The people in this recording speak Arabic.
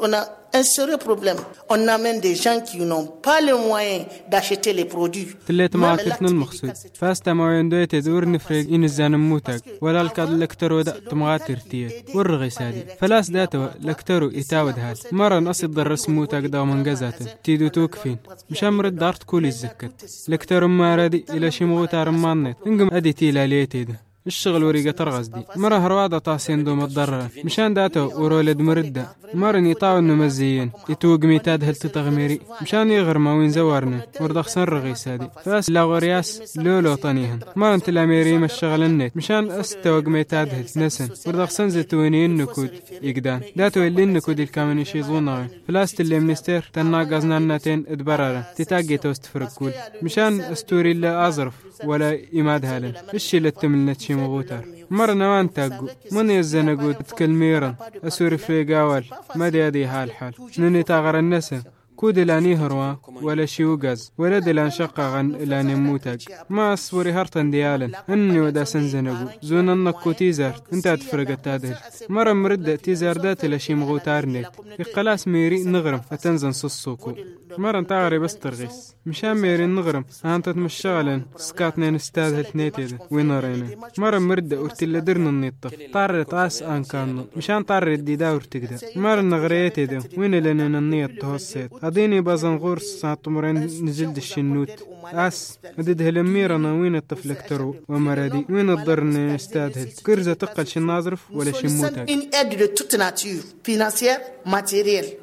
on a un sérieux problème. On amène des gens qui n'ont pas les moyens d'acheter les produits. تلات معاتفنا المقصود فاست معين تدور نفرق إن الزان موتك ولا الكاد لكتر ودا تمغات ارتية والرغيس هذه فلاس داتو لكترو إتاود هاد مرة نصد درس موتك دا من قزاته تيدو توقفين مش أمر دارت كولي الزكت لكترو ما ردي إلى شي مغوتار مانت انقم أدي تيلا ليه تيدو الشغل وريقة دي مرة هروادة طاسين دو مضرة مشان داتو ورولد مردة مرة نيطاو مزيين يتوق ميتاد هل تتغميري مشان يغرما وين زوارنا وردخسن رغيس هادي فاس لا غرياس لولو طنيهن مرة انت الاميري ما الشغل النت مشان استوق ميتاد هل نسن وردخسن خسن النكود يقدان داتو اللي النكود الكامن يشي زونغي فلاست اللي منستير تناقزنا نتين ادبرارا تتاقي توست فرقول مشان استوري اللي ازرف ولا إماد هالن الشي اللي تشي مغوتر مر نوان تاقو من يزنقو تكلميرا أسوري في قاول ما دي هذه هالحال نني تاغر النسا كود لاني هروا ولا شيوغاز ولا دلان شقا غن لاني موتاق ما أصوري هرطن ديالن أني ودا سنزنقو زون النكو تيزر انت تفرقت التادل مرة مرد تيزر دات لشي مغوتارنت إقلاس ميري نغرم أتنزن سسوكو مرة تعري بس ترغيس مشان ميرين نغرم أنت تمشغلن سكاتنا نستاد هالتنيتي وين رينا مرة مردة اللي درنا النيطة تعري تاس أن كانو مشان تعري الديدا ورتقدا مرة نغريتي دي وين لنا النيطة هسيت أديني بازن غورس ساتمرين نزلد الشنوت أس أدد هلميرنا وين الطفل اكترو ومرادي وين الضرن استادهل كرزة تقل شنازرف ولا موتك